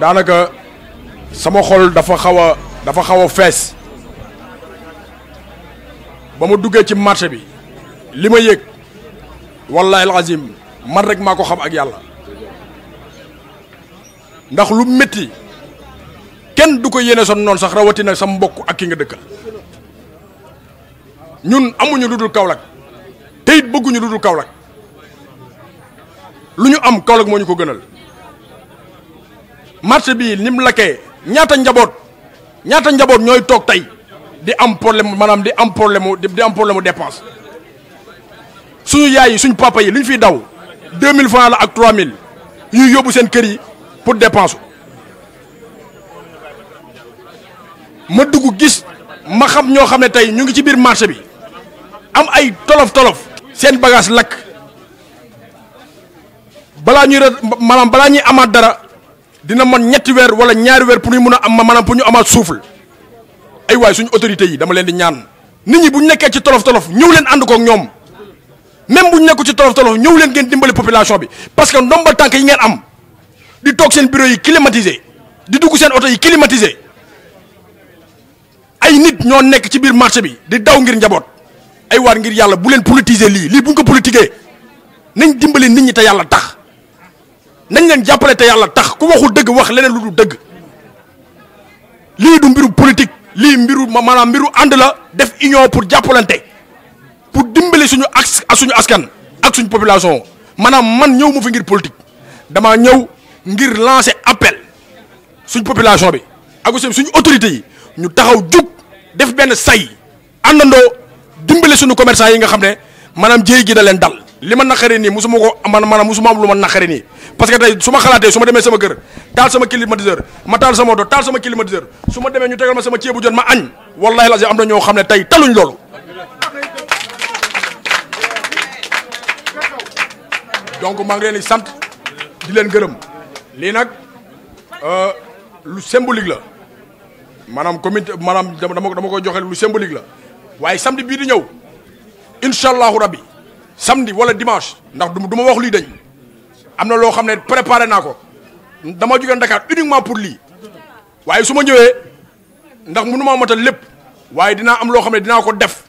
danaka sama xol dafa xawa dafa xawa fess fees duggé ci marché bi lima ma wallahi alazim man rek mako xam ak yalla ndax lu metti ken du ko son non sax mbokk ak ki nga dekkal ñun amuñu luddul kaolak bëgguñu lu dul Kaolack lu ñu am Kaolack moo ñu ko gënal marché bii ni mu lakkee ñaata njaboot ñaata njaboot ñooy toog tey di am problème maanaam di am problème di am problème dépense suñu yaay yi suñu papa yi li ñu fiy daw 2000 francs la ak 3000 ñuy yóbbu seen kër yi pour dépense ma dugg gis ma xam ñoo xam ne tey ñu ngi ci biir marché bi am ay tolof tolof seen bagage lakk balaa ñuy maanaam balaa ñuy amaat dara dina mën ñetti weer wala ñaari weer pour ñu mun a am maanaam pour ñu amaat suuful ay waay suñu autorités yi dama leen di ñaan nit ñi bu ñu nekkee ci tolof tolof ñëw leen ànd ñoom même bu ñu nekku ci tolof tolof ñëw leen ngeen dimbali population bi parce que ndomba tànk yi ngeen am di toog seen bureau yi climatisé di dugg seen oto yi climatisé ay nit ñoo nekk ci biir marché bi di daw ngir njaboot. ay waat ngir yalla bu len politiser li politiser bu politiquer nañ dimbali nit ñi ta yalla tax nañ tax ku wax leneen politique li la def union pour jàppalante pour dimbali suñu ak suñu askan ak suñu population manam man ñëw mu fi ngir politique dama ñëw ngir lancer appel population bi ak suñu autorités yi ñu taxaw dimbali suñu commerçant yi nga xamne manam jey gi da len dal lima naxari ni musuma ko man maanaam musuma am luma naxari ni parce que tay suma xalaté suma démé sama kër tal sama climatiseur ma tal sama auto tal sama climatiseur suma démé ñu tégal ma sama lenak, jot ma agn wallahi la am na ñoo xamne tay taluñ donc ma ngi leen di di leen gërëm euh, lu symbolique la manam comité manam dama dama ko joxe lu symbolique la waaye samedi bii di ñëw incha allahu rabbi samedi wala dimanche ndax du duma wax lii dañ am na loo xam ne préparé naa ko dama jógee Dakar uniquement pour lii waaye su ma ñëwee ndax nu maa matal lépp waaye dinaa am loo xam ne dinaa ko def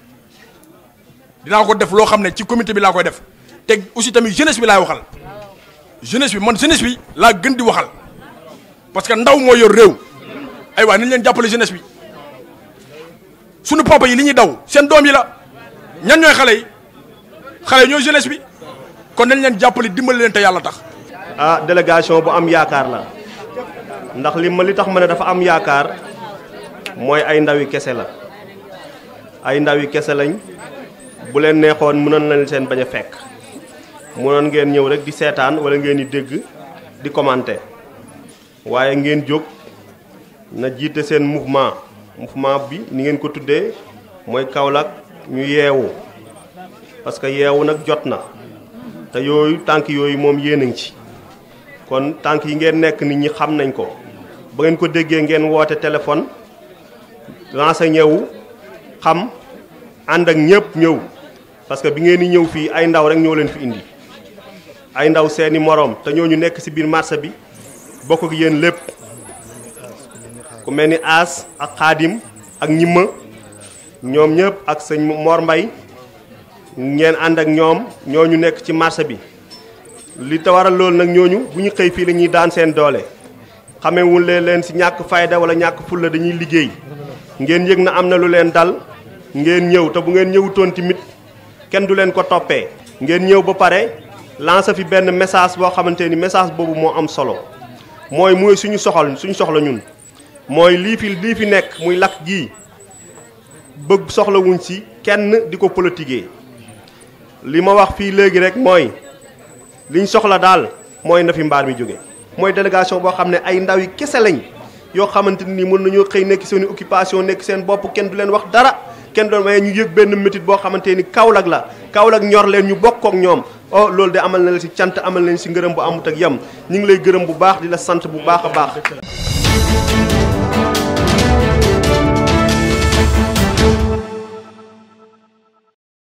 dinaa ko def loo xam ne ci comité bi laa koy def teg aussi tamit jeunesse bi laay waxal jeunesse bi man jeunesse bi laa gën di waxal parce que ndaw moo yor réew ay waa nañ leen jàppale jeunesse bi suñu papa yi li ñi daw seen doom yi la ñan ñoy xalé yi xalé ñoy jeunesse bi kon nañ leen jàppale dimbali leen ta yalla tax. ah délégation bu am yaakar la ndax li ma li tax ma ne dafa am yaakar moy ay yi kessé la ay yi kessé lañ bu leen neexoon mënon nañ seen baña fekk mënon ngeen ñew rek di seetaan wala ngeen di dégg di commenter waye ngeen jog na jité seen mouvement. mouvement bi ni ngeen ko tuddee mooy Kaolack ñu yeewu parce que yeewu nag jot na te yooyu tànk yooyu moom yéen a ci kon tànk yi ngeen nekk nit ñi xam nañ ko ba ngeen ko déggee ngeen woote téléphone renseigné wu xam ànd ak ñëpp ñëw parce que bi ngeen di ñëw fii ay ndaw rek ñoo leen fi indi ay ndaw seeni moroom te ñu nekk ci biir marché bi bokk ak yéen lépp ku mel ni aas ak xaadim ak ñimma ñoom ñëpp ak sëñ mor mbay ngeen ànd ak ñoom ñooñu nekk ci marché bi li tawara waral nag ñooñu bu ñu xëy fii la ñuy daan seen doole xamewul leen leen si ñàkk fayda wala ñàkk fulla dañuy liggéey ngeen yëg na am na lu leen dal ngeen ñëw te bu ngeen ñëwutoon timit kenn du leen ko toppee ngeen ñëw ba pare lancer fi benn message boo xamante ni message boobu moo am solo mooy mooy suñu soxal suñu soxla ñun mooy lii fi lii fi nekk muy lakk gii bëgg soxlawuñ si kenn di ko politiquer li ma wax fii léegi rek mooy liñ soxla daal mooy na fi mbaar mi jóge mooy délégation boo xam ne ay ndaw yi kese lañ yoo xamante ni mën nañoo xëy nekk seen occupation nekk seen bopp kenn du leen wax dara kenn doon waaye ñu yëg benn métit boo xamante ni Kaolack la Kaolack ñor leen ñu bokkook ñoom oh loolu de amal na la si cant amal nañ si ngërëm bu amut ak yem ñu ngi lay gërëm bu baax di la sant bu baax a baax.